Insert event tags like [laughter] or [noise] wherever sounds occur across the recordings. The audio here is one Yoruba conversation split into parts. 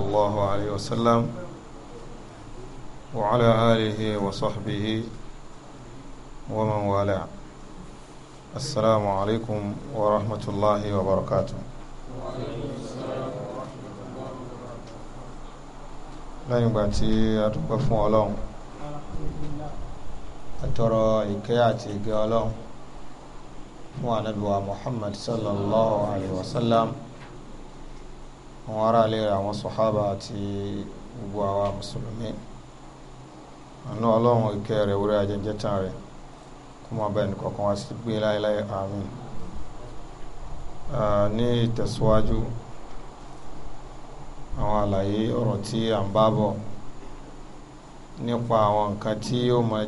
الله عليه وسلم وعلى آله وصحبه ومن والاه السلام عليكم ورحمة الله وبركاته lẹ́yìn ìgbà tí a dúpẹ́ fún ọlọ́run àtọrọ ìkẹ́ àti ìgẹ́ ọlọ́run fún ànábì Muhammad sallallahu alayhi wa sallam. àwọn ará ilé rẹ̀ àwọn sọ̀hábà àti gbogbo àwa mùsùlùmí àánú ọlọ́run ìkẹ́ rẹ̀ orí ajẹ́jẹ́ tán rẹ̀ kó máa bá ẹnìkọ̀ọ̀kan wá sí gbé láéláé àmín ní ìtẹ̀síwájú àwọn àlàyé ọ̀rọ̀ tí à ń bá bọ̀ nípa àwọn nǹkan tí ó máa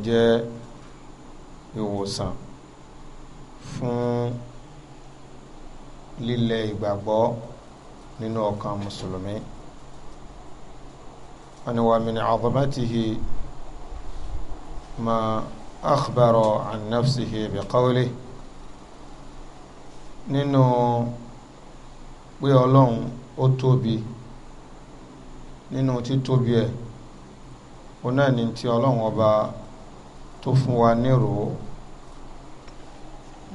nínú ọkàn mùsùlùmí wọ́n ní wa min azamatihi ma akhbaro an nafsihi bi qawli nínú pé ọlọ́run ó tóbi nínú títóbi ẹ̀ ó náà ní ti ọlọ́run ọba tó fún wa nírò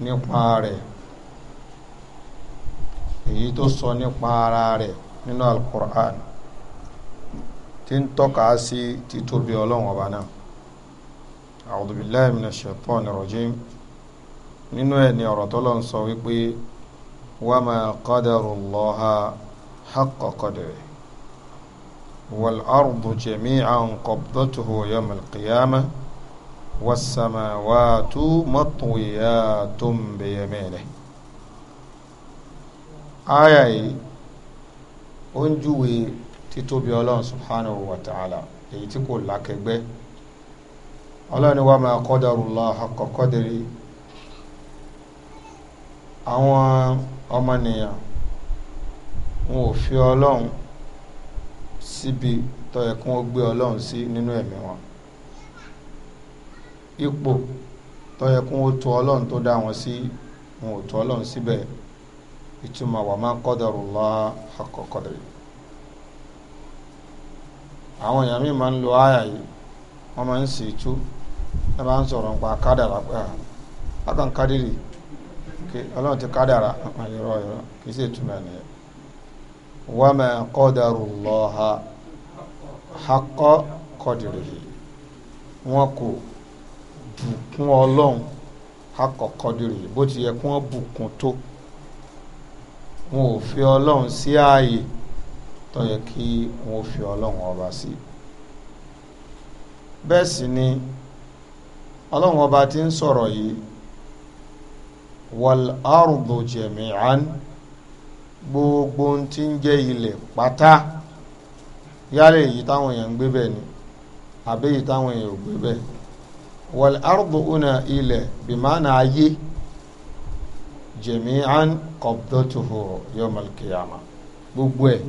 nípa rẹ̀ èyí tó sọ nípa ara rẹ̀ nínú alukur'an tí ń tọ́ka sí títóbi ọlọ́run ọba náà a'udhu billahi minash shaitani rajim nínú ẹ̀ ni ọ̀rọ̀ tó lọ́n sọ wípé wa ma qadarullaha haqqa qadrihi wal ardu jami'an qabdatuhu yawm al-qiyamah was samawatu matwiyatun biyaminihi. Aya yìí o ń júwe títóbi ọlọ́run subhanahu wa ta'ala èyí tí kò lákẹgbẹ́ ọlọ́run wa ma qadarullah haqqa qadri àwọn ọmọnìyàn wọn ò fi ọlọ́run síbi tó yẹ kí wọ́n gbé ọlọ́run sí nínú ẹ̀mí wọn ipò tó yẹ kí wọ́n tó ọlọ́run tó dá wọn sí wọn ò tó ọlọ́run síbẹ̀ ìtumọ̀ wà má qadarullah haqqa qadri àwọn èèyàn mi máa ń lo àyà yìí wọ́n máa ń sì tú ẹ máa ń sọ̀rọ̀ nípa kádàrà pé akàn kádìrì ọlọ́run ti kádàrà [laughs] ìrọ̀ ìrọ̀ kì í sì túmọ̀ ẹ̀ nìyẹn wa ma ha haqqa qadrihi wọn kò bùkún ọlọ́run haqqa qadrihi bó ti yẹ bùkún tó. wọn ò fi ọlọ́run sí ààyè tó yẹ kí wọn ò fi ọlọ́run ọba sí bẹ́ẹ̀ sì ni ọlọ́run ọba ti ń sọ̀rọ̀ yìí wal ardu jami'an gbogbo ń ti ń jẹ́ ilẹ̀ pátá yálẹ̀ èyí táwọn èèyàn ń gbé bẹ́ẹ̀ ni àbẹ́yìí táwọn èèyàn ò gbé bẹ́ẹ̀ wal ardu una ilẹ̀ bìmánà ayé. jẹ̀míhàn kọ̀bdọ́tòfò yọmọlùkìyàmà gbogbo ẹ̀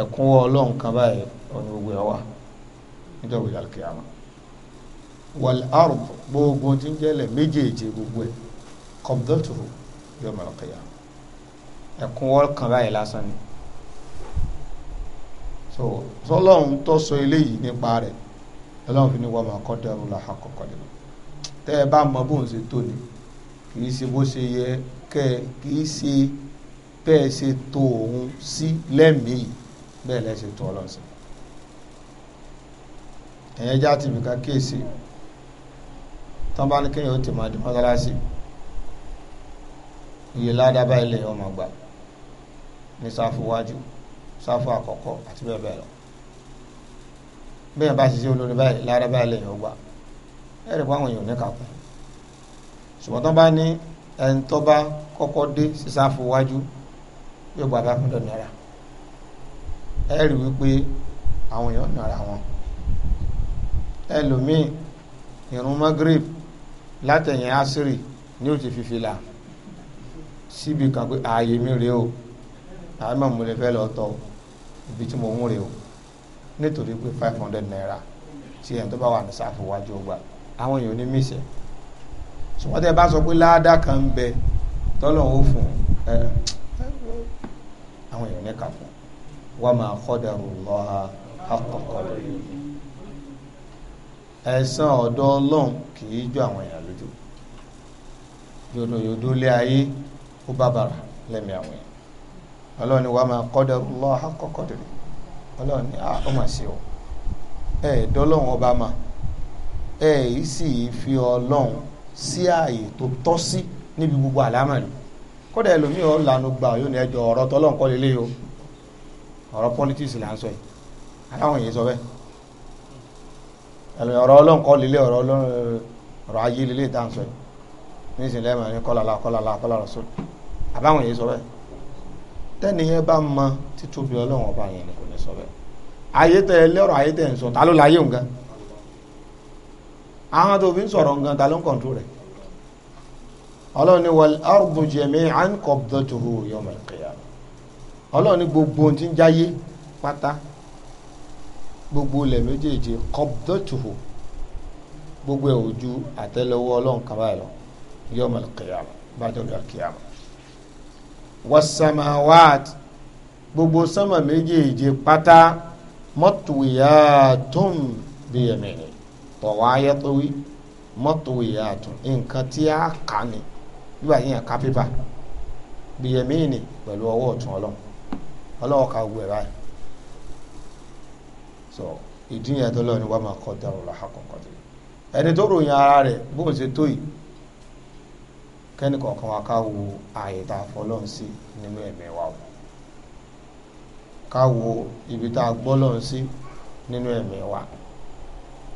ẹ̀kún ọlọ́run kan báyìí ọ̀nà gbogbo ẹ̀ wà nítorí yọmọlùkìyàmà wàl arùb gbogbo tí ń jẹ́lẹ̀ méjèèjì gbogbo ẹ̀ kọ̀bdọ́tòfò yọmọlùkìyàmà ẹ̀kún ọlọ́run kan báyìí lásán ni so sọlọ́run tó sọ eléyìí nípa rẹ̀ ọlọ́run fi ní wọ́n máa kọ́ dẹ́rù làhàkọ́kọ́ nínú tẹ́ ẹ bá mọ bóun ṣe tó ni kì í ṣe bó ṣe yẹ kẹ kìí ṣe bẹ́ẹ̀ ṣe tó òun sí lẹ́mìí bẹ́ẹ̀ lẹ́ ṣe tó ọlọ́sìn ẹ̀yẹn já ti bìkan kéèsì tán bá ní kéèyàn ó ti máa di mọ́sálásì iye ládàbà ilẹ̀ ọmọ gbà ní sáfù wájú sáfù àkọ́kọ́ àti bẹ́ẹ̀ bẹ́ẹ̀ lọ bẹ́ẹ̀ bá ṣiṣẹ́ olórí báyìí ládàbà ilẹ̀ ọgbà ẹ̀rẹ̀ bá àwọn èèyàn ní kàkún ṣùgbọ́n tán bá ní ẹni tó bá kọ́kọ́ dé sísáfù wájú yóò gba five hundred naira ẹ rí wípé àwọn èèyàn nara wọn ẹlòmíì ìrun magrib látẹ̀yìn asiri ní ó ti fi fìlà síbi kan pé ààyè mi rèé o àmọ́ mo lè fẹ́ lọ tọ̀ ibi tí mo ń rèé o nítorí pé five hundred naira tí ẹni tó bá wà ní sáfù wájú ọgbà àwọn èèyàn ò ní mísẹ̀ ṣùgbọ́n tẹ́ bá sọ pé láàdá kan ń bẹ tọ́lọ́hún ó fún ẹ àwọn èèyàn mẹ́ka fún wa ma qadarullaha haqqa qadrihi ẹ̀san ọ̀dọ̀ ọlọ́run kì í jọ àwọn èèyàn lójú yòdòyòdò lé ayé ó bá bàrà lẹ́mìí àwọn èèyàn ọlọ́run ni wa ma qadarullaha haqqa qadrihi ọlọ́run ni ah, ó mà ṣe o ẹ̀ẹ́dọ́lọ́run ọba mà ẹ̀ẹ́ sì fi ọlọ́run sí ààyè tó tọ́ sí níbi gbogbo àlámọ̀rí kódà ẹlòmíì ọ̀ lànà gbà yóò ní ẹjọ́ ọ̀rọ̀ tọ́lọ́ nǹkan o ọ̀rọ̀ politics là ń sọ yìí aláwọn èèyàn sọ bẹ́ẹ̀ ọ̀rọ̀ ọlọ́run kọ́ lélẹ́ ọ̀rọ̀ ọlọ́run ọ̀rọ̀ ayé lélẹ́ ìta ń sọ yìí nísìnyí lẹ́mọ̀ ní kọ́làlá kọ́làlá kọ́là rasul àbáwọn èèyàn sọ bẹ́ẹ̀ tẹ́ni yẹn bá mọ títóbi ọlọ́run ọba yẹn ni kò ní sọ bẹ́ẹ̀ ayé tẹ ẹlẹ́rọ ayé tẹ ń sọ ta ló la ayé òun àwọn tó fi ń sọ̀rọ̀ nǹkan ta ló ń kọ̀ǹtú rẹ̀ ọlọ́run ni wal ardu jami'an qabdatuhu yawm al-qiyamah ọlọ́run ni gbogbo ohun tí ń jáyé pátá gbogbo ilẹ̀ méjèèjì qabdatuhu gbogbo ẹ̀ ojú àtẹ́lẹwọ́ ọlọ́run kan báyìí lọ yawm al-qiyamah bájọ́ lọ́ọ́ al-qiyamah gbogbo sánmà méjèèjì pátá mọ́tòyà tó ń bí tọ̀wọ́ ayẹ́tọ́wí mọ́tò ìyàtọ̀ nǹkan tí a kà ní bíbá yẹn ká pépà bìyẹ̀mí ni pẹ̀lú ọwọ́ ọ̀tún ọlọ́run ọlọ́run ká gbogbo ẹ̀ báyìí so ìdí yẹn tó lọ́ni wà máa kọ́ dàrú lọ́ha kọ̀ọ̀kan tó ẹni tó ròyìn ara rẹ̀ bóun ṣe tó yìí kẹ́ni kọ̀ọ̀kan wa ká wo ààyè tá a fọlọ́run sí nínú ẹ̀mí wa o ká wo ibi tá a gbọ́ lọ́run sí nínú ẹ̀mí wa o.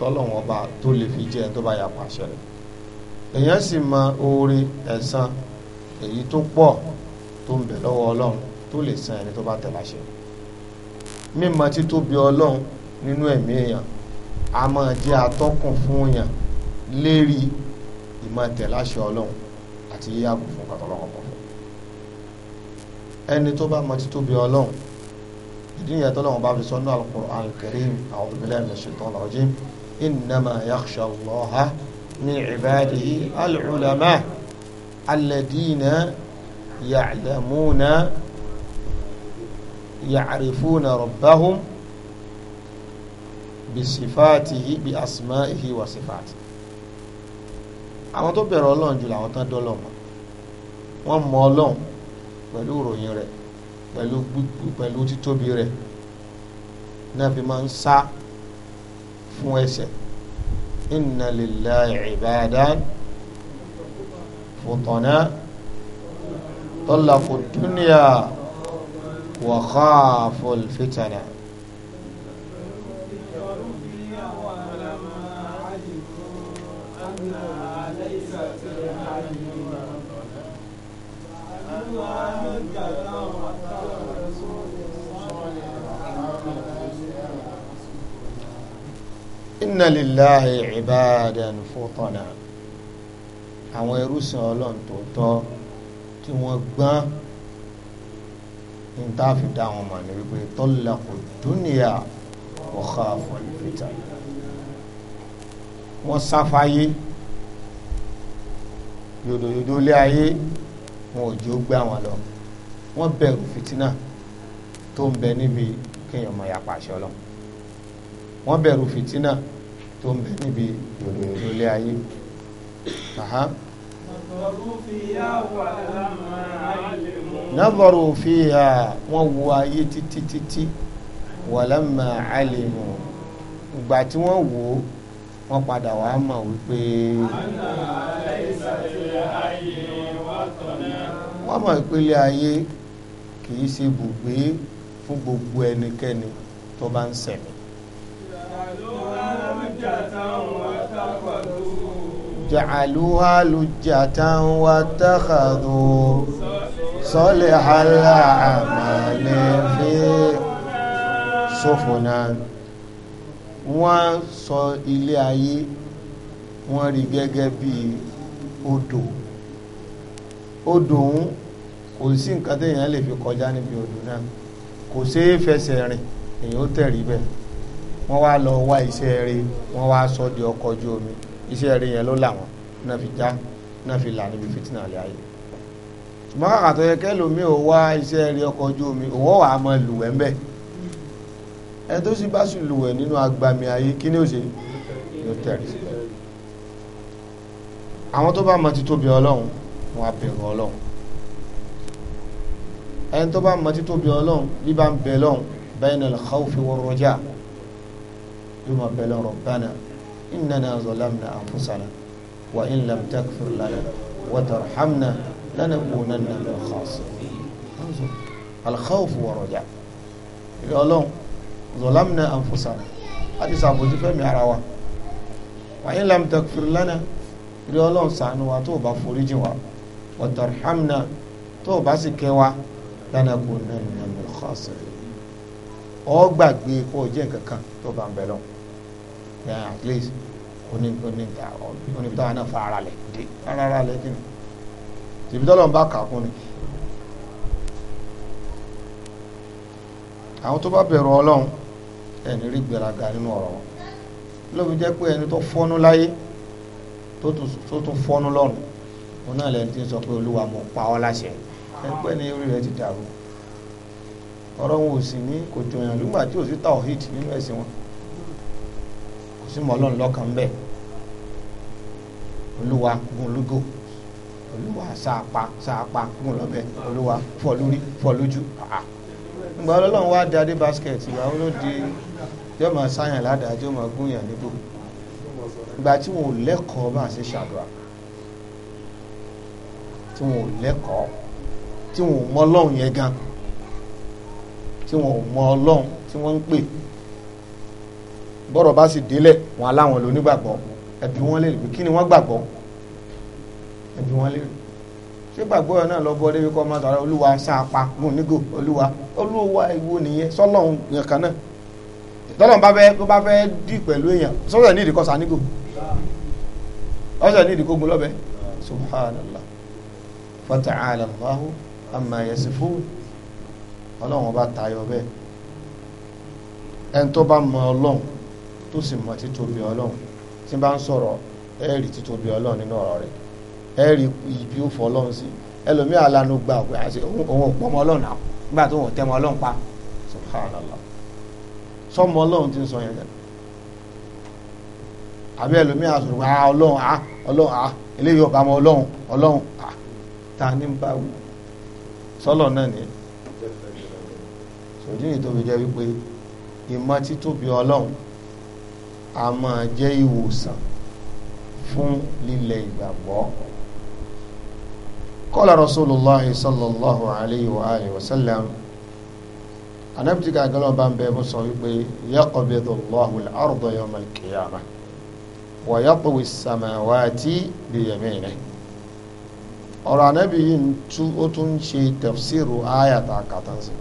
tọ́lọ́wọ́n ọba tó lè fi jẹ́ tó bá ya pàṣẹ rẹ̀ èèyàn sì mọ oore ẹ̀san èyí tó pọ̀ tó ń bẹ lọ́wọ́ ọlọ́run tó lè san ẹni tó bá tẹ̀ láṣẹ mímọ̀ títóbi ọlọ́run nínú ẹ̀mí èèyàn a máa jẹ́ atọ́kùn fún èèyàn lérí ìmọ̀ tẹ̀ láṣẹ ọlọ́run àti yíyàgò fún kàtọ́lọ́wọ́ kan fún ẹni tó bá mọ títóbi ọlọ́run ìdí ìyẹn tọ́lọ́run bá fi sọ́nù Al-Qur'an Al-Karim A'udhu billahi minash shaitanir إنما يخشى الله من عباده العلماء الذين يعلمون يعرفون ربهم بصفاته بأسمائه وصفاته àwọn tó bẹ̀rẹ̀ ọlọ́run jù làwọn tán dọ́lọ̀ mọ́ wọ́n mọ ọlọ́run pẹ̀lú ìròyìn rẹ̀ pẹ̀lú títóbi rẹ̀ náà fi máa ń sá fún ẹ̀ṣẹ̀ inna lillahi ibadan fòtọ̀nà tọ́lá kò dúnìyà wa khaful inna lillahi ibadan futana àwọn ẹrúsìn ọlọ́run tòótọ́ tí wọ́n gbọ́n ní táàfi dá wọn mọ̀ ní wípé tọ́lákò dúnìyà wa khafu al-fitan wọ́n sáfáyé yòdòyòdò lé ayé wọn ò jó gbé àwọn lọ wọ́n bẹ̀rù fìtínà tó ń bẹ níbi kéèyàn mọ̀ lọ wọ́n bẹ̀rù fìtínà tó ń bẹ níbi ìròyìn lólé ayé. nàbọ̀rù fìyà wọ́n wo ayé títí títí wàlámà àlèmọ̀ ìgbà tí wọ́n wò ó wọ́n padà wá mọ̀ wípé wọ́n mọ̀ ìpele ayé kìí ṣe bùgbé fún gbogbo ẹnikẹ́ni tó bá ń ṣẹ̀mí جعلوها لجة واتخذوا صالح الأعمال في سفنا wọ́n sọ ilé ayé wọ́n rí gẹ́gẹ́ bí odò odò ń kò sí nǹkan téèyàn lè fi kọjá níbi odò náà kò ṣeé fẹsẹ̀ rìn èyàn ó tẹ̀rí bẹ́ẹ̀ wọ́n wá lọ wá iṣẹ́ rẹ̀ wọ́n wá sọ di ọkọ̀ ojú omi iṣẹ́ rẹ̀ yẹn ló làwọn náà fi já náà fi là níbi fìtínà lé ayé ṣùgbọ́n kàkà tó yẹ kẹ́lòmíì ò wá iṣẹ́ rẹ̀ ọkọ̀ ojú omi òwò wàá mọ lùwẹ̀ ńbẹ̀ ẹ tó sì bá sì nínú agbami ayé kí ni ó ṣe yóò tẹ̀rí síbẹ̀ àwọn tó bá mọ títóbi ọlọ́run wọn á bẹ̀rù ọlọ́run ẹni tó bá mọ títóbi ọlọ́run bí bá ń bẹ lọ́run bainal khawfi war yóò máa bẹ lọ́rọ̀ bánà innana zalamna anfusana wa in lam taghfir lana wa tarhamna lanakunanna min al-khasirin al-khawf wa raja ilé ọlọ́run zalamna anfusana a ti sàbòjú fẹ́mi ara wa wa in lam taghfir lana ilé ọlọ́run ṣàánú wa tó o bá wa wa tarhamna tó o bá sì wa lanakunanna min al-khasirin ó gbàgbé kó o jẹ́ kan tó bá ń bẹ at least oníbitá náà fa ara lẹ̀ dé ara lẹ̀ kí ni tìbí tọ́lọ̀ ń bá kà kún ni. àwọn tó bá bẹ̀rù ọlọ́run ẹni rí gbéraga nínú ọ̀rọ̀ wọn lóbi jẹ́ pé ẹni tó fọ́nú láyé tó tún fọ́nú lọ́run òun náà lẹni tí ń sọ pé olúwa mo pa ọ́ láṣẹ ẹni pé ní orí rẹ̀ ti dàrú ọ̀rọ̀ wọn ò sì ní kò jọyàn nígbà tí ò sí tawhid nínú ẹ̀sìn wọn súnmọ́ ọlọ́run lọ́kàn ń bẹ̀ olúwa gun ológo olúwa sáàpá sáàpá gun lọ́bẹ̀ olúwa fọ́ lórí fọ́ lójú ah, ah. ìgbà ọlọ́run wá dáadé basket ìgbà ó ló di yóò máa sáyàn ládàá tí ó máa gún yàn níbò ìgbà tí wọn ò lẹ́kọ̀ọ́ bá ṣe ṣàdúrà tí wọn ò lẹ́kọ̀ọ́ tí wọn ò mọ ọlọ́run yẹn gan tí wọn ò mọ ọlọ́run tí wọ́n ń pè bọ́rọ̀ bá sì délẹ̀ wọn aláwọn lónígbàgbọ́ ẹbí wọn léèrè pé kí ni wọ́n gbàgbọ́ ẹbí wọn léèrè ṣé gbàgbọ́ yẹn náà lọ bọ́ débi kọ́ máa tààrà olúwa sàn apá mún nígò olúwa olúwa ìwo nìyẹn sọ́lọ́hún yẹn kan náà tọ́lọ́n bá fẹ́ tó bá fẹ́ dì pẹ̀lú èèyàn sọ́sẹ̀ ní ìdíkọ́ sanígò ọ̀sẹ̀ ní ìdíkọ́ gun lọ́bẹ̀ subhanallah fata'ala Allahu amma yasifun ọlọ́run ọba tayọ bẹ́ẹ̀ ẹni tó bá mọ ọlọ́run tó sì mọ títóbi ọlọ́run tí bá ń sọ̀rọ̀ ẹ rí títóbi ọlọ́run nínú ọ̀rọ̀ rẹ̀ ẹ rí ibi ó fọ ọlọ́run sí ẹlòmíì alánú gba òpè àti òun ò pọmọ ọlọ́run náà nígbà tó wọn tẹmọ ọlọ́run pa subhanallah sọmọ ọlọ́run ti ń sọ yẹn dẹ àbí ẹlòmíì àsọ̀rọ̀ ah ọlọ́run ah ọlọ́run ah eléyìí ọba ọmọ ọlọ́run ọlọ́run ah ta ni ń bá wù sọlọ náà ni sòdí ni jẹ wípé ìmọ̀ títóbi ọlọ́run a máa jẹ́ ìwòsàn fún lílẹ̀ ìgbàgbọ́ kọ́lá rasulullah sallallahu alayhi wa alayhi wa sallam anabti ka galon ba bẹ mo sọ wípé yaqbidu allahu al-arda yawm al-qiyamah wa yatwi as-samawati bi yaminihi ọ̀rọ̀ anabi yìí tú ó tún ṣe tafsiru ayata katansi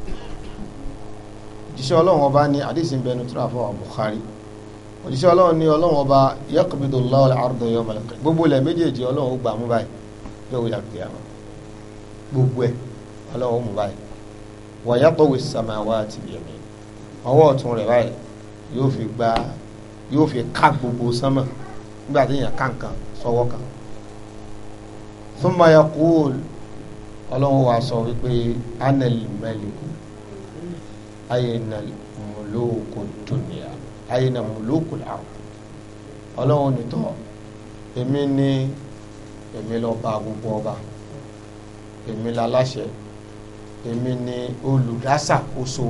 jíṣẹ́ ọlọ́run ọba ní àdìsí bẹnu tíra fún Bukhari òjíṣẹ́ ọlọ́run ní ọlọ́run ọba yaqbidu Allahu al-arda yawm al-qiyamah gbogbo ilẹ̀ méjèèjì ọlọ́run ó gbà mú báyìí yóò yà kí àwọn gbogbo ẹ̀ ọlọ́run ó mú báyìí wa yatwi as-samawati bi yamini ọwọ́ ọ̀tún rẹ̀ báyìí yóò fi gba yóò fi ká gbogbo sánmà nígbà tí èèyàn ká nǹkan sọ́wọ́ kan thumma yaqul ọlọ́run wa sọ wípé anal malik ayé nàlẹ́ àyìnà mulukul ard ọlọ́run nìtọ́ èmi ni èmi lọ bá gbogbo ọba èmi láláṣẹ èmi ni olùdásàkóso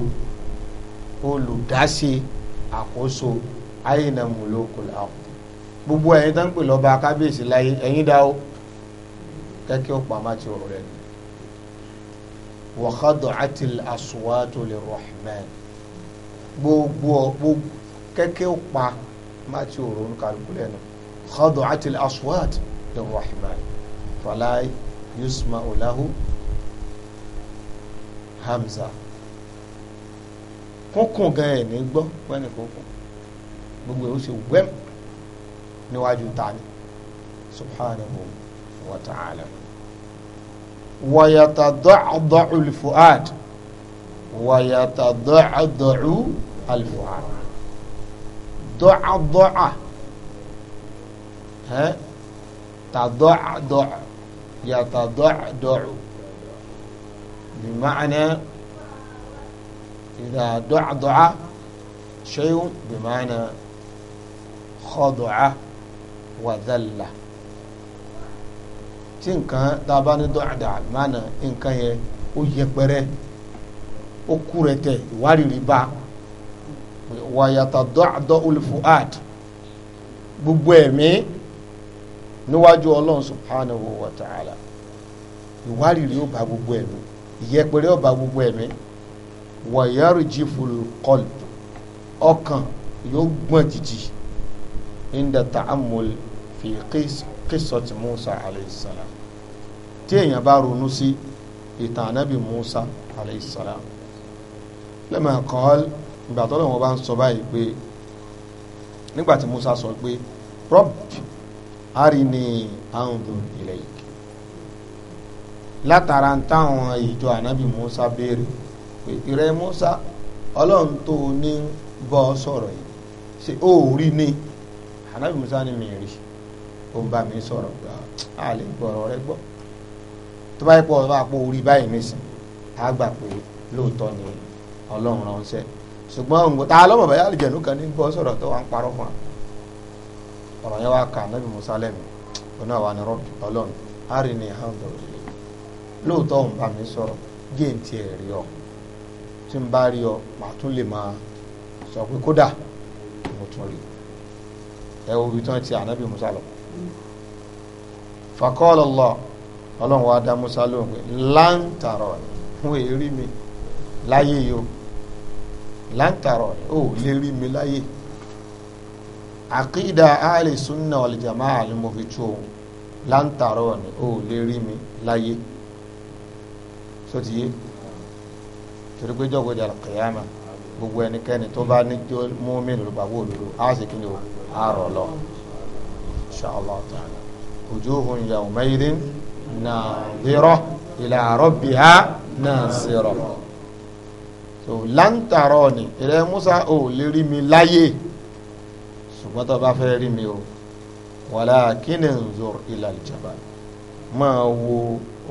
olùdásẹ àkóso àyìnà mulukul ard gbogbo ẹ̀yin tó ń pè lọ́ba kábíyèsí láyé ẹ̀yin dá o kẹ́kẹ́ ó pamọ́ àti ọ̀rọ̀ rẹ̀ wa khada'atil aswatu lirrahman gbogbo gbogbo kẹ́kẹ́ ó pa má ti òrò ń kálukú lẹ́nu khadu'at al-aswat lir-rahman fala yusma'u lahu hamza kúnkún gan ẹ̀ ní gbọ́ wẹ́nì kúnkún gbogbo ẹ̀ ó ṣe wẹ́m níwájú tani subhanahu wa ta'ala wa yatada'da'u al-fu'ad wa yatada'da'u dọ́ọ̀dọ́à ẹ́ tàdọ́ọ̀dọ́ yàtàdọ́ọ̀dọ́ọ̀ bìmáàní ìdàdọ́ọ̀dọ́à ṣẹ́yìn bìmáàní kọ́dọ̀à wàdàlà tí nǹkan tá a bá ní dọ́ọ̀dà mánà nǹkan yẹn ó yẹpẹrẹ ó kú rẹ tẹ ìwárìrì bá a wàyàtà dọ́àdọ́ olùfúàd gbogbo ẹ̀mí níwájú ọlọ́run subhanahu wa ta'ala ìwárìrì ó ba gbogbo ẹ̀mí ìyẹpẹrẹ ó ba gbogbo ẹ̀mí wàyàrì jìfùl kọlb ọkàn yóò gbọ̀n jìjì inda ta'amul fi qissati musa alayhi salam tí èèyàn bá ronú sí ìtàn ànábì musa alayhi salam lama ìgbà tó lọ́wọ́ bá ń sọ báyìí pé nígbà tí Musa sọ pé Rabb arini anzur ilayk látara ń táwọn ìjọ ànábì Musa béèrè pé ìrẹ́ Musa ọlọ́run tó ní bọ́ sọ̀rọ̀ yìí ṣe ó rí ni ànábì Musa ni mi rí ó ń bá mi sọ̀rọ̀ gbà á lè gbọ́rọ̀ rẹ gbọ́ tó bá pọ̀ ọ́ bá pọ̀ orí báyìí nísìn á gbà pé lóòótọ́ ni ọlọ́run ránṣẹ́ ṣùgbọ́n òǹgbò tá a lọ́mọ̀ bẹ́ẹ̀ àlìjẹ̀nú kan ní gbọ́ sọ̀rọ̀ tó wà ń parọ́ fún wa ọ̀rọ̀ yẹn wá kà nẹ́bí musa lẹ́nu oní àwa ni rọ́bì ọlọ́run á rí ni hàndó lóòótọ́ òun bá mi sọ̀rọ̀ géè tí ẹ̀ rí ọ tí n bá rí ọ màá tún lè máa sọ pé kódà mo tún rí ẹ wo ibi tí wọ́n ti ànábì musa lọ. fàkọ́ọ̀lọ́ lọ ọlọ́run wa dá musa lóhùn pé láǹtàrọ̀ fún èrí mi láyé yìí o láǹtàrọ̀ ò lè rí mi láyè àkídà àlè súnà ọ̀lẹ́jàmá ni mo fi tú òun láǹtàrọ̀ ni ò lè rí mi láyé sótìyé torí pé jọ́gbọ́jà kìyàmà gbogbo ẹnikẹ́ni tó bá ní jó mùmínì olùgbàgbọ́ òdodo á sì kí ni o á rọ̀ lọ inṣàlá ta'ala wujuhun yawmaidin nadhira ila rabbiha nazira. Lantaroni, láǹtàrọ̀ ni ìrẹ́ Musa ò lè rí mi láyé ṣùgbọ́n tó bá fẹ́ rí mi o walakin nzur ila aljabal máa wo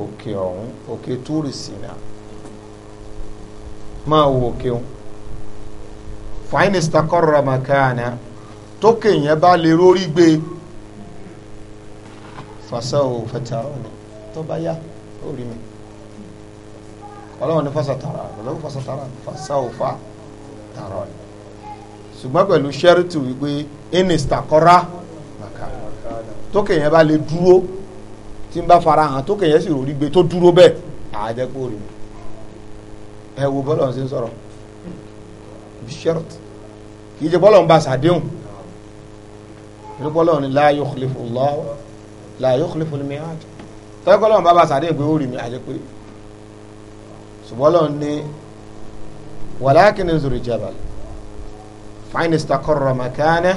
òkè ọ̀hún òkè Túrì Sínà máa wo òkè ọ̀hún fa in istaqarra makana tókè yẹn bá lè rórí gbé fasawfa tarani tó bá yá ó rí mi ọlọ́run ní fásitì tààrà ọlọ́run fásitì tààrà fásáòfà tààrà ni ṣùgbọ́n pẹ̀lú ṣẹ́rìtì wípé ẹnìsítàkọ́rá tókè yẹn bá lè dúró tí n bá fara hàn tókè yẹn sì ròrí gbé tó dúró bẹ́ẹ̀ àjẹpọ̀ rẹ̀ ẹ wo bọ́lọ̀ ń ṣe ń sọ̀rọ̀ bishẹ́rìtì kì í ṣe bọ́lọ̀ ń bá sàdéhùn ìlú bọ́lọ̀ ni la yukhlifu Allah la yukhlifu al-mi'ad tọ́jú ṣùgbọ́n lọ́n ní wàlákìnnì zòrò jabal fain istakọrọ makana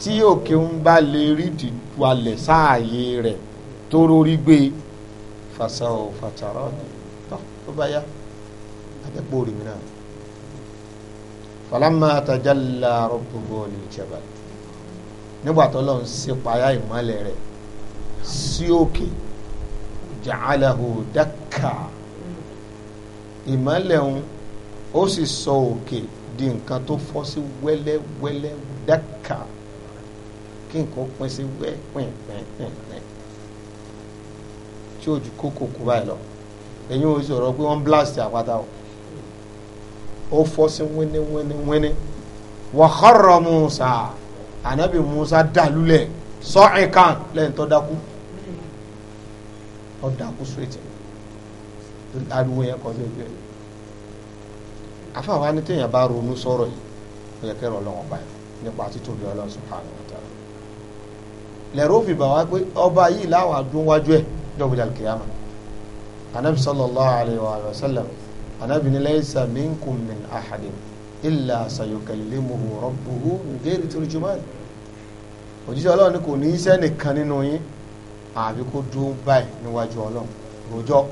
tí òkè ń bá lè rí dìdúalẹ̀ sáàyè rẹ̀ tó rórí gbé fasawo fatarọ ni tọ́ tó bá yá àtẹ́pọ̀ rèmi náà falama tajalla rabbuhu lil jabal nígbà tó lọ́n ṣe payá ìmọ̀lẹ̀ rẹ̀ sí òkè ja'alahu dakka ìmọ́lẹ̀ ń ó sì sọ òkè di nǹkan tó fọ́ sí wẹ́lẹ́wẹ́lẹ́ dákà kí nǹkan pín sí wẹ́ pínpínpínpín tí ojú kókò kú báyìí lọ ẹ̀yin ò sọ̀rọ̀ pé wọ́n blast àpáta o ó fọ́ sí wíní wíní wíní wa kharra Musa ànábì Musa dàlúlẹ̀ sọ́ọ̀kan lẹ́yìn tó dákú ó dákú sóòtì ariwo yẹn kọjú ojú ẹ afáwa ni téèyàn bá ronú sọ̀rọ̀ yìí ó yẹ kẹrọ ọlọ́run ọba yìí nípa títóbi ọlọ́run subhanahu wa ta'ala lẹrú òfin bá wá pé ọba yìí láwọn adún wájú ẹ jọgbìdà kìyàmà anabi sallallahu alayhi wa sallam anabi ni laysa minkum min ahadin illa sayukallimuhu rabbuhu ngeri turjuman òjíṣẹ́ ọlọ́run ni kò ní í sẹ́nìkan nínú yín àbí kó dún báyìí níwájú ọlọ́run rojọ́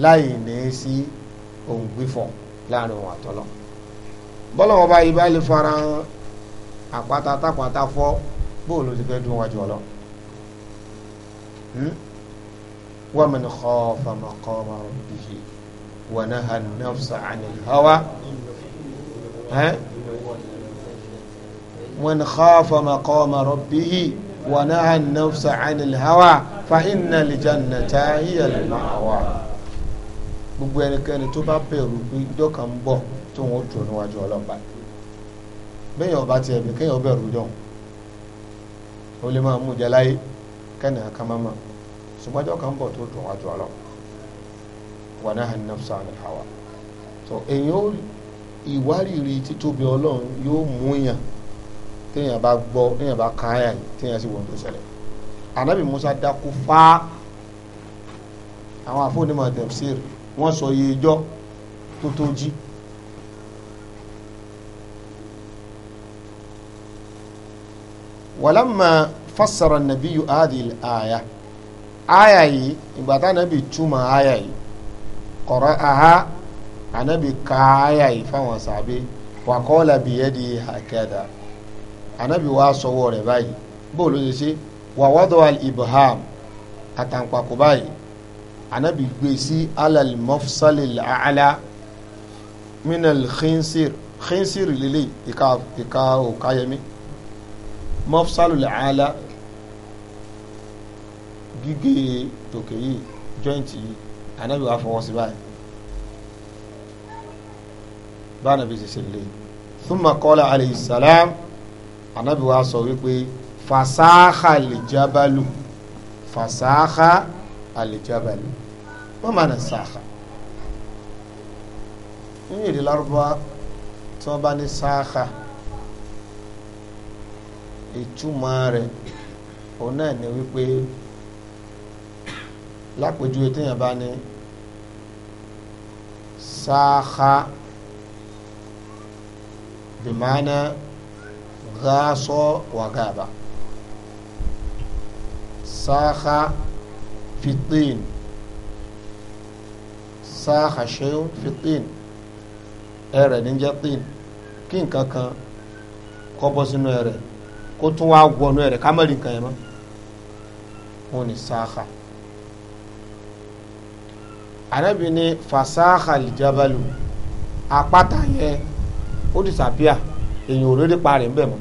láì ní sí ohun gbífọ̀ láàrin òun àtọ́lọ́ bọ́lọ́wọ́ bá yí bá lè fara hàn àpáta tápáta fọ́ bóò ló ti fẹ́ dún wájú ọlọ́ hmm? wa man khafa maqama rabbihi wa naha an-nafsa 'anil hawa من خاف مقام ربه ونهى النفس عن الهوى فإن الجنة هي المأوى gbogbo ẹnikẹ́ni tó bá bẹ̀rù pé ìjọ kan ń bọ̀ tó wọn ó dùn níwájú ọlọ́pàá bẹ́yìn ọba ti ẹ̀mí kéèyàn bẹ̀rù jọ̀hún ó lè máa mú jẹ láyé kẹ́nì kan máa mọ̀ ṣùgbọ́n ìjọ kan ń bọ̀ tó dùn níwájú ọlọ́pàá wà náà hàn náà sáà nìkan wà so èyàn ìwárìrì títóbi ọlọ́run yóò mú yàn téèyàn bá gbọ́ téèyàn bá kàn áyà yìí téèyàn sì wọ́n tó ṣẹlẹ̀ ànábì Musa tẹ̀síìrì wọ́n sọ iye ijọ́ tó tó jí wàlámà fassara nabiyu adil aya aya yìí ìgbà tá anabi túmọ̀ aya yìí kọ̀rọ̀ aha anabi ka aya yìí fáwọn sàbẹ̀ wàkọ́ọ̀lá bìyẹ́dì hakẹ́dà anabi wa sọwọ́ rẹ̀ báyìí bóòlù ṣe ṣe wàwádọ́ al ibham àtàǹpàkò báyìí anabi gbé sí alal mafsalil ala minal khinsir khinsir lele ìka ìka òkayẹmí mafsalil ala gígé tòkè yìí jointi yìí anabi wàá fọwọ́ sí báyìí báyìí anabi ṣe ṣe lè thumma qala alayhi salam anabi wàá sọ wípé fasaha lè jábálù alijabal wọ́n máa nà sáàkà nínú èdè lárúbá tí wọ́n bá ní sáàkà ìtumọ̀ rẹ̀ òun náà ni wípé lápèjúwe téèyàn bá ní sáàkà bìmánà gáàsọ wàgàbà sáàkà fitin sáàkà ṣeun fitin ẹrẹ̀ níjẹ́ tin kí nǹkan kan kọ́ bọ́ sínú ẹrẹ̀ kó tún wá wọnú ẹrẹ̀ ká mẹ́rin nǹkan yẹn mọ́ wọn ni sáàkà anabi ni fasáàkà lìjábàlù àpáta yẹn ó disapia èyàn ò lórí parí ń bẹ̀ mọ́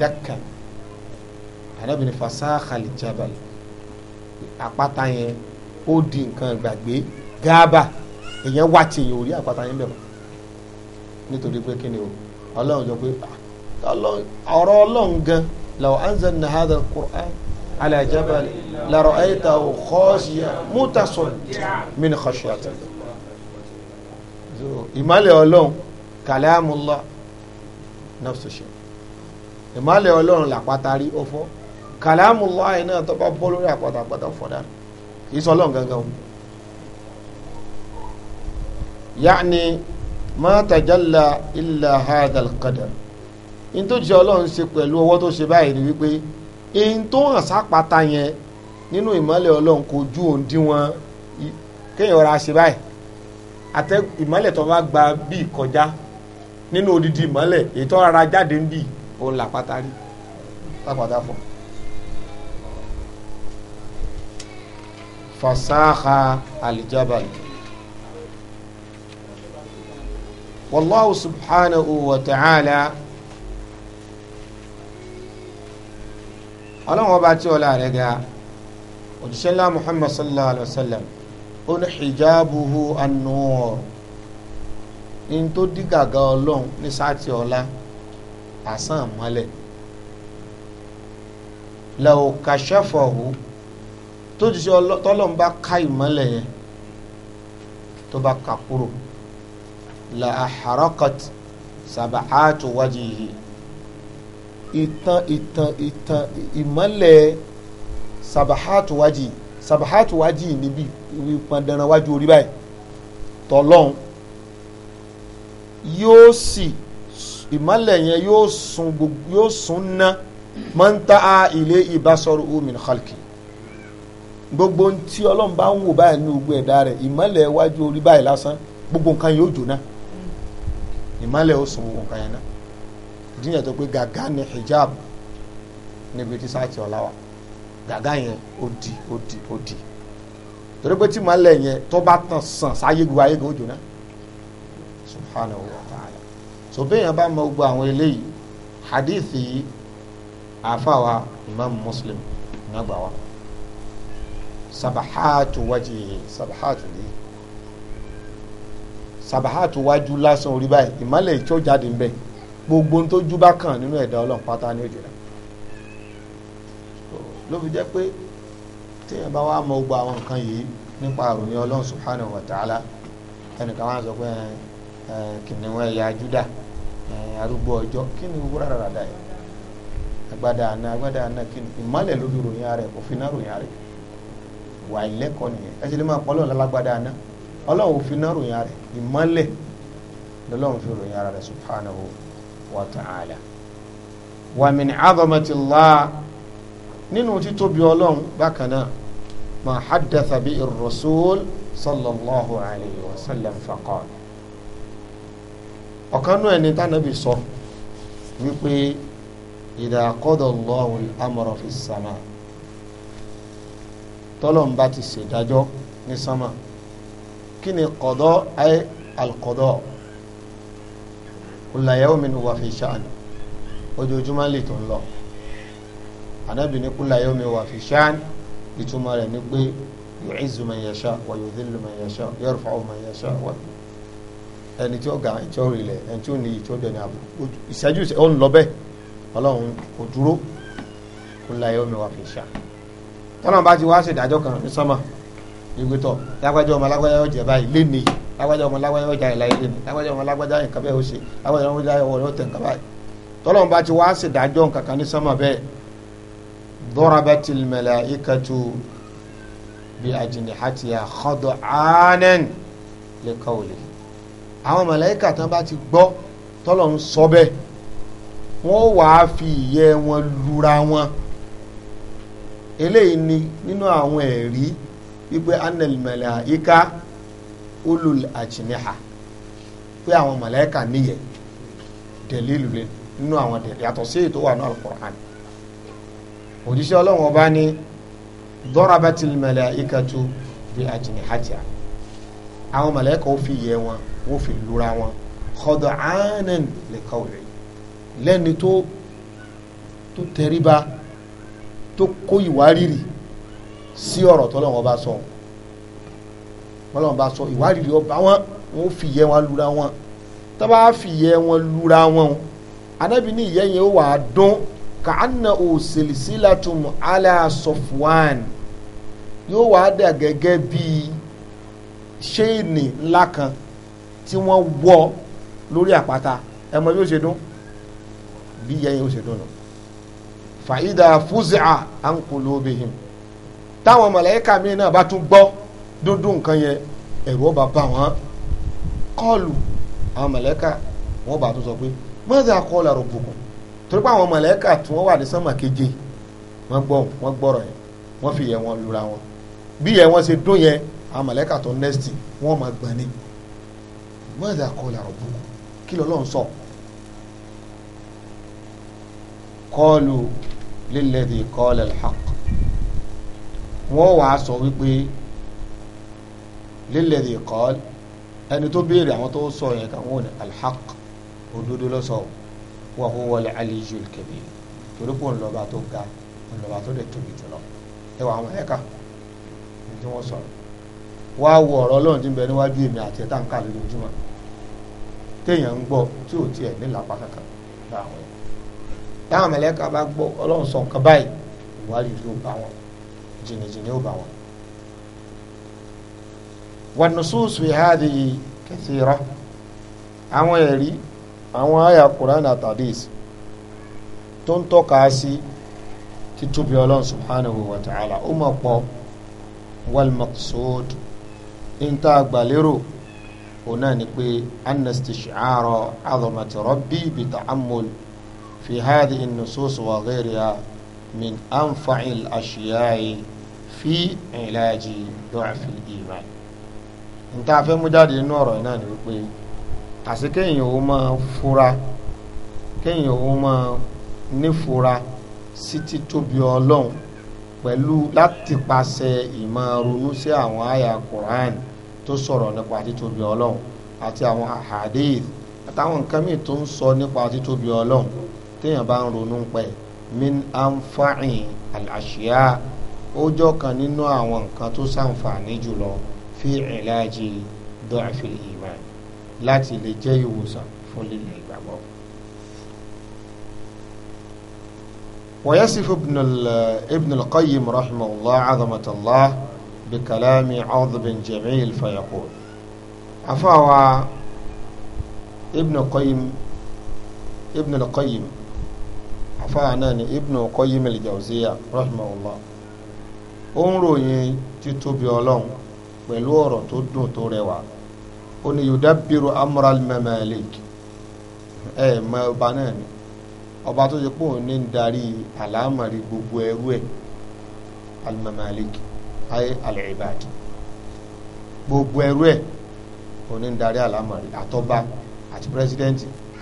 dẹ́kẹ̀ Ànábì ní fasahal jabal àpáta yẹn ó di nǹkan gbàgbé gáábà èyàn wá ti èyàn ò rí àpáta yẹn bẹ̀rẹ̀ nítorí pé kí ni o ọlọ́run jọ pé ọ̀rọ̀ ọlọ́run gan law anzalna hadha al-Qur'an ala jabal la ra'aytahu khashi'an mutasaddi'an min khashyatillah ìmọ̀lẹ̀ ọlọ́run kalamullah nafsu shay ìmọ̀lẹ̀ ọlọ́run làpáta rí ó kàlámù láàyè náà tó bá bọ́ lórí àpáta àpáta fọ̀dà kì í sọ ọlọ́run gangan o yaani ma tajalla illa hadal qadar in tó jẹ́ ọlọ́run ṣe pẹ̀lú ọwọ́ tó ṣe báyìí ni wípé in tó hàn sápáta yẹn nínú ìmọ́lẹ̀ ọlọ́run kò ju òǹdíwọ̀n kéèyàn ra ṣe báyìí àtẹ ìmọ́lẹ̀ tó bá gba bíi kọjá nínú odidi ìmọ́lẹ̀ ètò ara jáde ń bì òun làpáta rí lápáta fún un. fasaha alijabal wallahu subhanahu wa ta'ala ọlọ́run ọba tí ọlá rẹ̀ ga òjíṣẹ́ ńlá muhammad sallallahu alayhi wa sallam ó ní hijabuhu an-nur ní tó dí gàgà ọlọ́run ní sáàtì ọlá àsán mọ́lẹ̀ law kashafahu tó ti ṣe tọ́lọ́n bá ká ìmọ́lẹ̀ yẹn tó bá kà kúrò la aharakat sabaatu wajihi ìtàn ìtàn ìtàn ìmọ́lẹ̀ sabaatu wajihi sabaatu wajihi níbi ìpàdánù wájú orí báyìí tọ́lọ́n yóò sì ìmọ́lẹ̀ yẹn yóò sun gbogbo yóò sun ná mọ́ntà ilé ìbásọ́rọ̀ omi nìkàlùkì gbogbo tí ọlọ́run bá ń wò báyìí ní gbogbo ẹ̀dá rẹ̀ ìmọ̀lẹ̀ iwájú orí báyìí lásán gbogbo nǹkan yóò jóná ìmọ̀lẹ̀ ó sùn gbogbo nǹkan yẹn náà ìdíyẹ tó pé gàgá ni hijab níbi tí sáà ti ọ̀la wa gàgá yẹn ó di ó di ó di torí pé tí ìmọ̀lẹ̀ yẹn tó bá tàn sàn sáyé gbogbo ayé jóná subhanahu wa ta'ala so bẹ́ẹ̀ yẹn bá mọ gbogbo àwọn eléyìí hadithi àfàwà imam muslim nàgbà wa sabahatu wájú sabahatu ni sabahatu wájú lásán orí báyìí ìmọ̀lẹ̀ ìtọ́ jáde ń bẹ̀ gbogbo ohun tó jú bá kàn nínú ẹ̀dá ọlọ́run pátá ní òjò náà ló fi jẹ́ pé téèyàn bá wá mọ gbogbo àwọn nǹkan yìí nípa àròyìn ọlọ́run subhanahu wa ta'ala ẹnìkan wá sọ pé kìnìún ẹ̀yà júdà arúgbó ọjọ́ kí ni wúrà rárá dà yìí agbada àná agbada àná kí ni ìmọ̀lẹ̀ lójú ròyìn ààrẹ òfin náà ròyìn ààrẹ wà lẹ́kọ̀ọ́ nìyẹn ẹ ṣe lè máa pọ́ lọ́wọ́ lálágbádá aná ọlọ́run òfin náà ròyìn ara rẹ̀ ìmọ́lẹ̀ lọ́lọ́run fi ròyìn ara rẹ̀ subhanahu wa ta'ala wa min azamati Allah nínú títóbi ọlọ́run bákan náà ma haddatha bi ir sallallahu alayhi wa sallam faqal ọ̀kan náà ẹni tánàbí sọ wípé idha qada Allahu fi as tọ́lọ́n bá ti ṣèdájọ́ ní sánmà kí ni kọ̀dọ́ ayé alkọ̀dọ́ kùlàyàwó mi ni wà fi ṣáàni ojoojúmọ́ lè tó ń lọ ànábì ní kùlàyàwó mi wà fi ṣáàni ìtumọ̀ rẹ̀ ni pé yu'izzu man yasha wa yudhillu man yasha yarfa'u man yasha wà ẹni tí ó ga ẹni tí ó rìlẹ̀ ẹni tí ó ní ìtí ó dẹ̀ àbò ìṣẹ́jú ìṣẹ́jú ó ń lọ bẹ́ẹ̀ ọlọ́run kò dúró kùlàyàwó mi wà fi ṣáàni tọ́lọ́mù bá ti wá ṣèdájọ́ kan ní sánmà ìgbé tọ̀ lágbájá ọmọ lágbájá ọjà báyìí léni lágbájá ọmọ lágbájá ọjà ìlàyé léni lágbájá ọmọ lágbájá nǹkan bẹ́ẹ̀ ó ṣe lágbájá ọmọ lágbájá ọwọ́ ọ̀tẹ̀ nǹkan báyìí tọ́lọ́mù bá ti wá ṣèdájọ́ kankan ní sánmà bẹ́ẹ̀ dọ́rabatil mẹlẹ́ikatu bí ajìnìhàtìyà kọ́dọ̀ bá ti gbọ́ tọ́lọ́mù sọ bẹ́ẹ̀ wọ́n wàá fi ìyẹ́ wọn eléyìí ni nínú àwọn ẹ̀rí wípé anel mẹlẹ́ika ulul ajniha pé àwọn mẹlẹ́ka níyẹ dẹ̀lílù lé nínú àwọn dẹ̀lí yàtọ̀ sí ètò wà ní alukur'an òjíṣẹ́ ọlọ́run ọba ní dọ́rabatil mẹlẹ́ika tó bí ajnihatia àwọn mẹlẹ́ka ó fi yẹ wọn wọ́n fi lura wọn kọ́dọ̀ ánán lè kọ́wé lẹ́ni tó tó tẹríba tó kó ìwárìrì sí ọ̀rọ̀ tọ́lọ́wọ́n bá sọ tọ́lọ́wọ́n bá sọ ìwárìrì ọba wọn wọn fìyẹ́ wọn lura wọn tó bá fìyẹ́ wọn lura wọn anábì ní ìyẹ́ yẹn ó wà á dún ka anna o silsilatun ala sofwan yóò wà á dà gẹ́gẹ́ bíi ṣéènì ńlá kan tí wọ́n wọ́ lórí àpáta ẹ mọ bí ó ṣe dún bí ìyẹ́ yẹn ó ṣe dún nù. No fàyídà fúzìà ànkùlóbìhìn táwọn mọ̀lẹ́kà míì náà bá tún gbọ́ dúndún nǹkan yẹn ẹ̀rù ọba bá wọn kọlù àwọn mọ̀lẹ́kà wọn bá tún sọ pé mọ́tà kọlù àròbùkù torí pé àwọn mọ̀lẹ́kà tí wọ́n wà ní sánmà keje wọ́n gbọ́ wọ́n gbọ́rọ̀ yẹn wọ́n fi yẹ wọn lura wọn bí yẹ wọn ṣe dún yẹn àwọn mọ̀lẹ́kà tó nẹ́sìtì wọ́n máa gbọ́n ni mọ́tà kọlù àròbùkù kí lọ́lọ́run sọ̀rọ̀ qalu lilladhi qala al-haq wọ́n wàá sọ wípé lilladhi qala ẹni tó béèrè àwọn tó sọ yẹn kan wọ́n ní al-haq òdodo ló sọ wa huwa al-aliyyu al-kabir torí kò ń lọ́ba tó ga ń lọ́ba tó lè tóbi jùlọ ẹ wà àwọn ẹ̀ka ní tí wọ́n sọ̀rọ̀ wá wo ọ̀rọ̀ ọlọ́run tí ń bẹ níwájú èmi àti ẹ̀ta ń kà lójoojúmọ́ téèyàn ń gbọ́ tí ò tiẹ̀ nílàpá kankan láàrin táwọn mẹlẹ́ka bá gbọ́ ọlọ́run sọ nǹkan báyìí ìwádìí yóò bá wọn jìnnìjìnnì yóò bá wọn. wa nusus fi hadhihi kathira àwọn ẹ̀rí àwọn àyà Qur'an àti hadith tó ń tọ́ka sí títóbi ọlọ́run subhanahu wa ta'ala ó mọ̀ pọ̀ wal níta àgbàlérò òun ni pé anna istish'ara azamati rabbi bi ta'ammul. في هذه النصوص وغيرها من أنفع الأشياء في علاج ضعف الإيمان fi ta fẹ́ mú jáde inú ọ̀rọ̀ náà ni wípé àti kéèyàn ó máa fura kéèyàn pẹ̀lú láti pàṣẹ ìmọ̀ ronú sí àwọn àyà Quran tó sọ̀rọ̀ nípa títóbi ọlọ́run àti àwọn ahadith àtàwọn nǹkan míì tó ń sọ nípa títóbi ọlọ́run téèyàn bá ń ronú pẹ́ min anfa'in al-ashiya ó jọ kan nínú àwọn nǹkan tó ṣàǹfààní jùlọ fi ìlàjì dọ́àfil iman láti lè jẹ́ ìwòsàn fún lílo ìgbàgbọ́. ويصف ابن ابن القيم رحمه الله عظمة الله بكلام عذب جميل فيقول أفاوى ابن القيم ابن القيم àfáà náà ni Ibn Qayyim al-Jawziyya rahimahullah ó ń ròyìn títóbi ọlọ́run pẹ̀lú ọ̀rọ̀ tó dùn tó rẹwà ó ní yudabbiru mamalik ẹ mọ ọba náà ni ọba tó ní darí gbogbo ẹrú ẹ ayé gbogbo ẹrú ẹ ní darí àti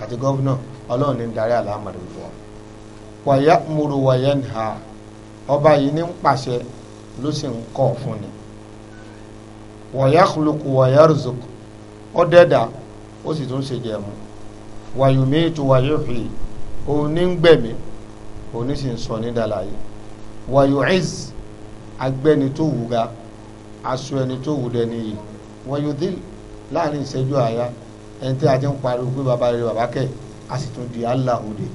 àti gọ́vnà ọlọ́run ní darí gbogbo wàyà múru wàyà nìha ọba yìí ní ń pàṣẹ ló sì ń kọ̀ fún ni wàyà kúlùkù wàyà rùzùkù ó dẹ́dà ó sì tún ṣe jẹ̀mú wàyùmí tu wàyù hì òun ní ń gbẹ̀mí òun ní sì ń sọ ní dàlàyé wàyù ẹ̀z agbẹ́ni tó wù ga aṣọ ẹni tó wù dẹni yìí wàyù dìl láàrin ìṣẹ́jú àyà ẹni tí a ti ń pariwo pé baba rẹ baba kẹ́ a sì tún di aláhùn de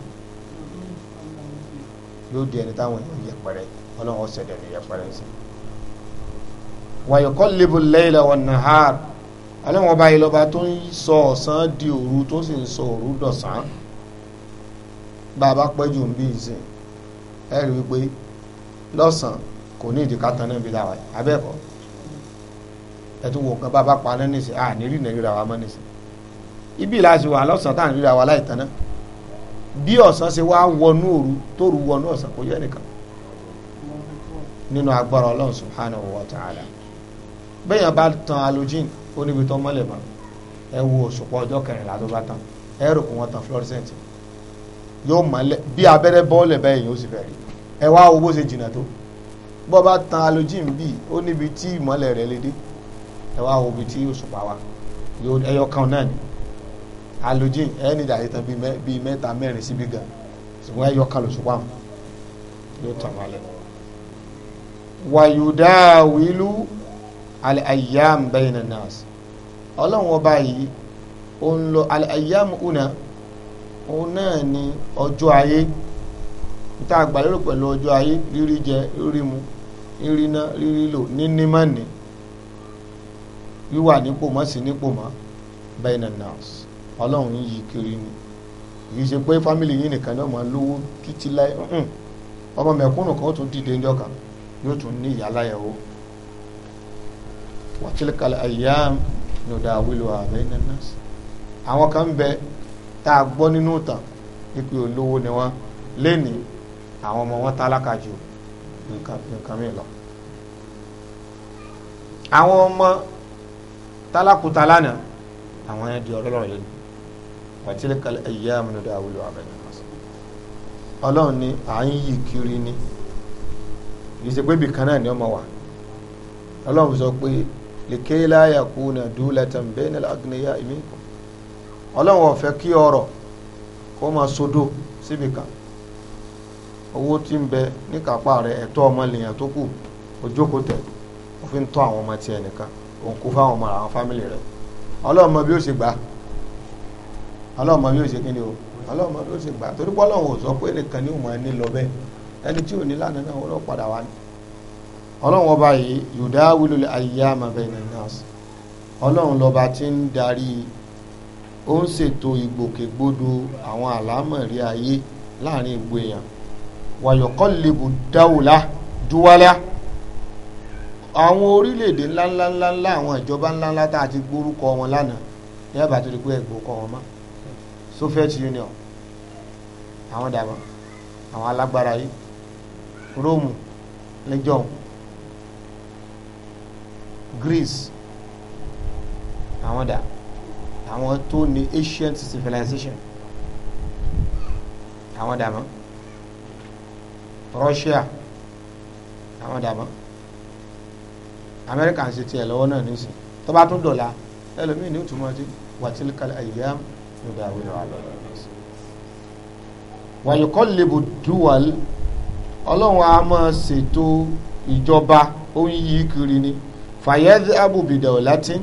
yóò di ẹni táwọn èèyàn yẹpẹrẹ ọlọ́run ọ̀sẹ̀ dẹ̀ni yẹpẹrẹ sí i. wa yuqallibu al-layla wan-nahar ọlọ́run ọba yìí lọ́ba tó ń sọ ọ̀sán di òru tó sì ń sọ òru dọ̀sán bàbá pẹ́jù ń bí ìsìn ẹ rí wípé lọ́sàn kò ní ìdí kátán náà bí láwa abẹ́ẹ̀kọ́ ẹtún wo nǹkan bàbá pa náà nìsín à rí nàìjíríà wa mọ́ nìsín ibi ìlàsì wà lọ́sàn tá à ń ríra wa láì tán náà bí ọ̀sán ṣe wá wọnú òru tóru wọnú ọ̀sán kò yẹ nìkan nínú agbára ọlọ́run subhanahu wa ta'ala bẹ́yàn bá tan halogen ó níbi tán mọ́lẹ̀ mọ́ ẹ wo òṣùpọ̀ ọjọ́ kẹrìnlá tó bá tán ẹ rò kó wọ́n tan fluorescent yóò mọ́lẹ̀ bí abẹ́rẹ́ bọ́ọ̀lẹ̀ bẹ́ẹ̀ yóò sì fẹ́ rí ẹ wá owó ṣe jìnnà tó bọ́ bá tan halogen bíi ó níbi tí ìmọ́lẹ̀ rẹ̀ lédè ẹ wá wo ibi tí òṣùpá wa ẹyọ kan náà ni halogen ẹni dàrí tán bíi mẹ́ta mẹ́rin síbi gan ṣùgbọ́n ẹ̀yọ kan lòṣùpá mu yóò tàn wá lẹ́nu. wàyùdáwìlú al-ayyam bayna nas ọlọ́run ọba yìí ó ń lọ al-ayyam una òun náà ni ọjọ́ ayé níta àgbàlérò pẹ̀lú ọjọ́ ayé rírí jẹ rírí mu rírí ná rírí lò níní mọ́ni wíwà nípò mọ́ sí nípò mọ́ bayna nas. ọlọ́run ń yí kiri ni kì í ṣe pé fámìlì yìí nìkan ni ọmọ lówó títí láì ọmọ mẹ̀kúnnù kan ó tún dìde ní ọkàn yóò tún ní ìyá láyàwó wàtílkàlẹ̀ ayyam nùdà àwílò ààrẹ nẹ́nẹ́sì àwọn kan bẹ tá a gbọ́ nínú ìtàn olówó ni wọ́n àwọn ọmọ wọn tálákà jù nǹkan lọ àwọn ọmọ tálákùtà lánàá àwọn ẹni di wàtílẹ̀kà ẹ̀yà àmúnudà àwùlọ àbẹ̀lẹ̀ ọlọ́run ni à ń yí kiri ni kì í ṣe pé bìkan náà ni ọmọ wà ọlọ́run sọ pé lèké láyà kú na dúlẹ̀tàn bẹ́ẹ̀ ní agniya ìmíkù ọlọ́run ò fẹ́ kí ọrọ̀ kó máa sodo síbi kan owó tí ń bẹ níkàpá rẹ ẹ̀tọ́ ọmọ tó kù ojókòó tẹ̀ òfin tọ́ àwọn ọmọ tiẹ̀ nìkan òǹkú fáwọn ọmọ àwọn fámìlì rẹ ọlọ́run mọ bí ó ṣe gbà á ọlọ́mọ yóò ṣe kíni o ọlọ́mọ yóò ṣe gbà torí pọ́lọ́hún ò sọ pé nìkan ní òmò ẹni lọ bẹ́ẹ̀ ẹni tí ò ní lánàá náà wọ́n lọ padà wá ní. ọlọ́run ọba yìí yòdá wílò ayé àmàbẹ̀yìn náà ọlọ́run lọ́ba ti ń darí ó ń ṣètò ìgbòkègbodò àwọn àlámọ̀rí ayé láàrin ìgbò èèyàn wàyọ̀kọ́ lebu dáwòlá dúwálá àwọn orílẹ̀-èdè ńláńláńlá àwọn ìjọba ńláńlá tá a ti gbórúkọ wọn lánàá ní àbàtúndínlẹ́gbẹ̀ẹ́ kọ́ wọn mọ́ Soviet Union àwọn dàbọ àwọn alágbára yìí Róòmù lẹjọ Greece àwọn dà àwọn tó ní ancient civilization àwọn dàmọ́ Russia àwọn dàmọ́ America ń ṣe tiẹ̀ lọ́wọ́ náà nísìn tó bá tún dọ̀la ẹlòmíì ní ìtumọ̀ ti wàtílkàlẹ̀ àyíyá yudawilu ala nas wàlùkọ́lẹ̀bù dúwàl ọlọ́run a máa ṣètò ìjọba ó ń yí kiri ni fàyẹ́dì abùbìdà latin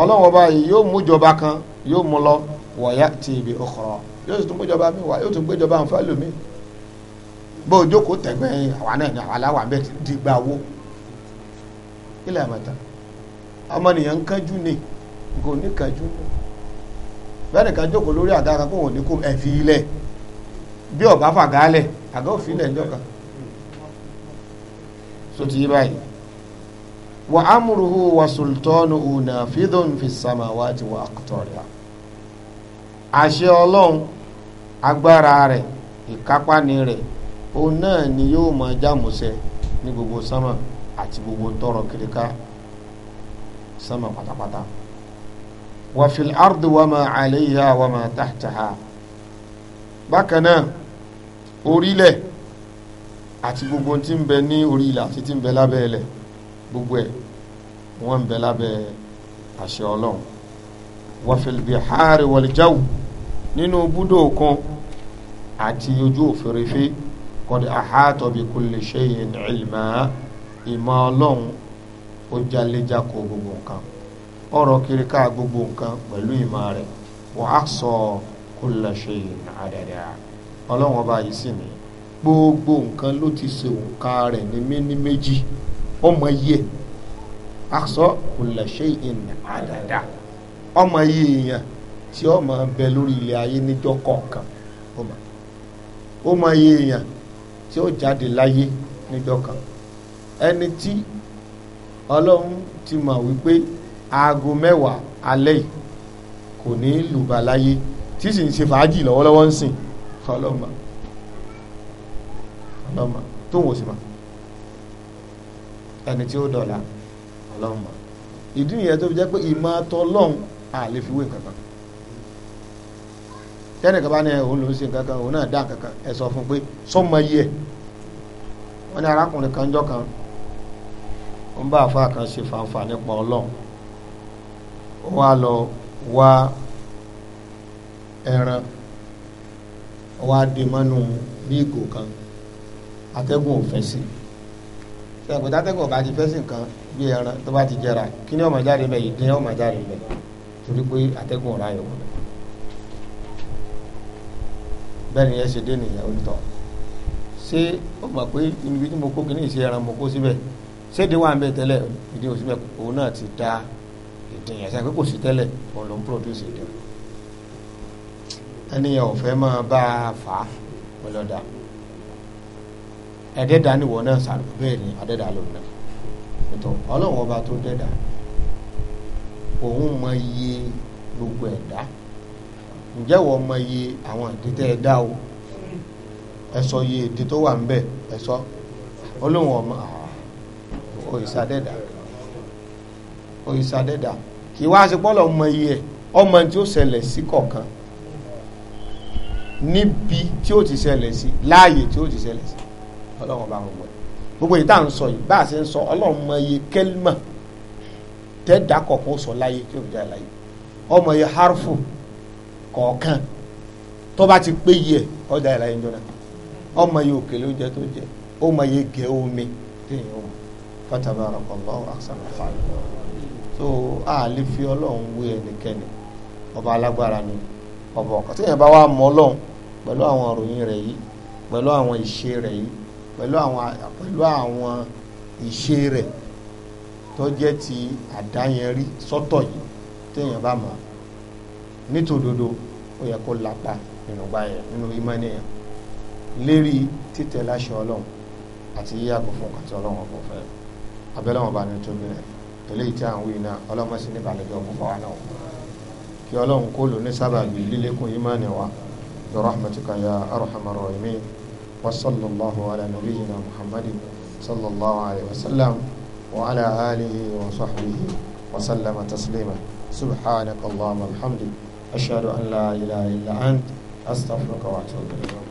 ọlọ́run ọba yìí yóò mú ìjọba kan yóò mú lọ wọ̀yá ti ibi ukhra yóò tún gbéjọba mi wá yóò tún gbéjọba mi fẹ́ lómi bó o jókòó tẹ̀gbẹ́ àwa náà ni àwa láwà ń bẹ̀ dìgbà wo ilé àmọ́ta ọmọnìyàn ń kánjú ni kò ní bẹ́ẹ̀ni kan jókòó lórí àga kan kó wọn ní kó ẹ̀ fi ilẹ̀ bí ọ̀gá fàgálẹ̀ àgá òfin ilẹ̀ so ti yí báyìí wa amúruhu wa sultanu una fidon fi samawati wa akutọ̀rìà àṣẹ ọlọ́run agbára rẹ̀ ìkápáni rẹ̀ òun náà ni yóò máa jámùsẹ̀ ní gbogbo sama àti gbogbo tọrọ kiri ká patapata. pátápátá. وفي الأرض وما عليها وما تحتها بكنا náà orílẹ̀ àti gbogbo tí ń bẹ ní orí ilẹ̀ àti tí ń bẹ lábẹ́ ilẹ̀ gbogbo ẹ̀ wọ́n ń bẹ lábẹ́ àṣẹ ọlọ́run wàfẹ̀lbìhárì wàlìjáwù nínú búdó òkun àti ojú òfèrèfé kọ́dí àhátọ́bí kulli shay'in ilma ìmọ̀ ọlọ́run ó jalè jákò gbogbo nǹkan. ọ̀rọ̀ kiri ká gbogbo nǹkan pẹ̀lú ìmọ̀ rẹ̀ wa ahsa kulla shay'in adada ọlọ́wọ́n bá yìí sì ní gbogbo nǹkan ló ti ṣe òǹkà rẹ̀ ní méní méjì ọmọ yẹ ahsa kulla shay'in adada ọmọ yẹ èèyàn tí ọmọ bẹ lórí ayé ọmọ èèyàn tí ó jáde láyé kan ẹni tí ọlọ́run ti mọ̀ wípé aago mẹ́wàá alẹ́ yìí kò ní lùbà láyé tí sì ń ṣe fàájì lọ́wọ́lọ́wọ́ ń sìn ọlọ́mà ọlọ́mà tó ń wò sí ma ẹni tí ó dọ̀la ọlọ́mà ìdí nìyẹn tó fi jẹ́ pé ìmọ̀ tọlọ́hun àlè fi wé kankan tẹ́nìkan bá ní òun ló ṣe kankan òun náà dá kankan ẹ sọ fún pé sọmọ yẹ wọn ní arákùnrin kan jọ kan ó ń bá àfa kan ṣe fanfa nípa ọlọ́run wá lọ wá ẹran wá dè mọ́nú bí ìgò kan atẹ́gùn ò fẹ́ sí ṣàpètà atẹ́gùn ọ̀bá ti fẹ́ sí nǹkan bí ẹran tó bá ti jẹra kí ni ọmọ jáde bẹ́ẹ̀ ìdín ọmọ jáde bẹ́ẹ̀ torí pé atẹ́gùn ọ̀rá yọ̀ wọlé bẹ́ẹ̀ ni ẹ ṣe dé nìyẹn onítọ̀ ṣé ó mọ̀ pé ibi tí mo kó kí ní ìṣe ẹran mo kó síbẹ̀ ṣé ìdí wà ń bẹ tẹ́lẹ̀ ìdí òsínbẹ̀ òun náà ti dáa ìdin yẹn sẹ́yìn pé kò sí tẹ́lẹ̀ òun ló ń produce ìdin ẹnìyẹn ò fẹ́ máa bá a fà á ọlọ́dà ẹ̀dẹ́dà ni wọ́n náà sàrò bẹ́ẹ̀ ni adẹ́dà lòun náà ètò ọlọ́run ọba tó dẹ́dà òun mọ iye gbogbo ẹ̀dá ǹjẹ́ wọ́n mọ iye àwọn àdìtẹ́ ẹ̀dá o ẹ sọ iye èdè tó wà ńbẹ̀ ẹ sọ ọlọ́run ọmọ òyìṣà dẹ́dà òyìṣà dẹ́dà kì í wá ṣe pọ́lọ̀ ọmọ iye ẹ̀ ọmọ tí ó ṣẹlẹ̀ sí kọ̀ọ̀kan níbi tí ó ti ṣẹlẹ̀ sí láàyè tí ó ti ṣẹlẹ̀ sí ọlọ́run bá wọn wọ̀ gbogbo yìí tá à ń sọ yìí bá a ṣe ń sọ ọlọ́run mọ iye kẹ́límà tẹ́ẹ̀dá kọ̀ọ̀kan ó sọ láyé tí ó fi jáde láyé ọmọ iye harfu kọ̀ọ̀kan tó bá ti pé yìí ọjà ìlàyé ń jọra ọmọ iye òkèlè oúnjẹ tó jẹ ọmọ iye gẹ̀ omi téèyàn ó mọ fatabarakallahu ahsanul khaliqin so a lè fi ọlọ́run wé ẹnikẹ́ni ọba alágbára ni ọba ọ̀kan tí èèyàn bá wà mọ ọlọ́run pẹ̀lú àwọn ìròyìn rẹ̀ yìí pẹ̀lú àwọn ìṣe rẹ̀ yìí pẹ̀lú àwọn pẹ̀lú àwọn ìṣe rẹ̀ tó jẹ́ ti àdáyẹnrí sọ́tọ̀ yìí tí èèyàn bá mọ̀ nítòdodo ó yẹ kó lapa nínú báyẹn nínú ìmọ̀nìyàn lérí títẹ̀ láṣẹ ọlọ́run àti yíyàgò fún kàtí ọlọ́run ọ̀fọ̀ fẹ́ abẹ́lẹ́wọ̀n bá ní tóbi rẹ̀ eléyìí tí à ń wí iná ọlọ́mọ sí ní balẹ̀jọ́ fún fọwọ́ náà kí ọlọ́run kó lò ní sábàbí lílékún ìmánì wa bi rahmatika ya arhamar rahimin wa sallallahu ala nabiyyina muhammadin sallallahu alayhi wa sallam wa ala alihi wa sahbihi wa sallama taslima subhanaka allahumma alhamdi ashhadu an la ilaha illa ant astaghfiruka wa atubu ilayk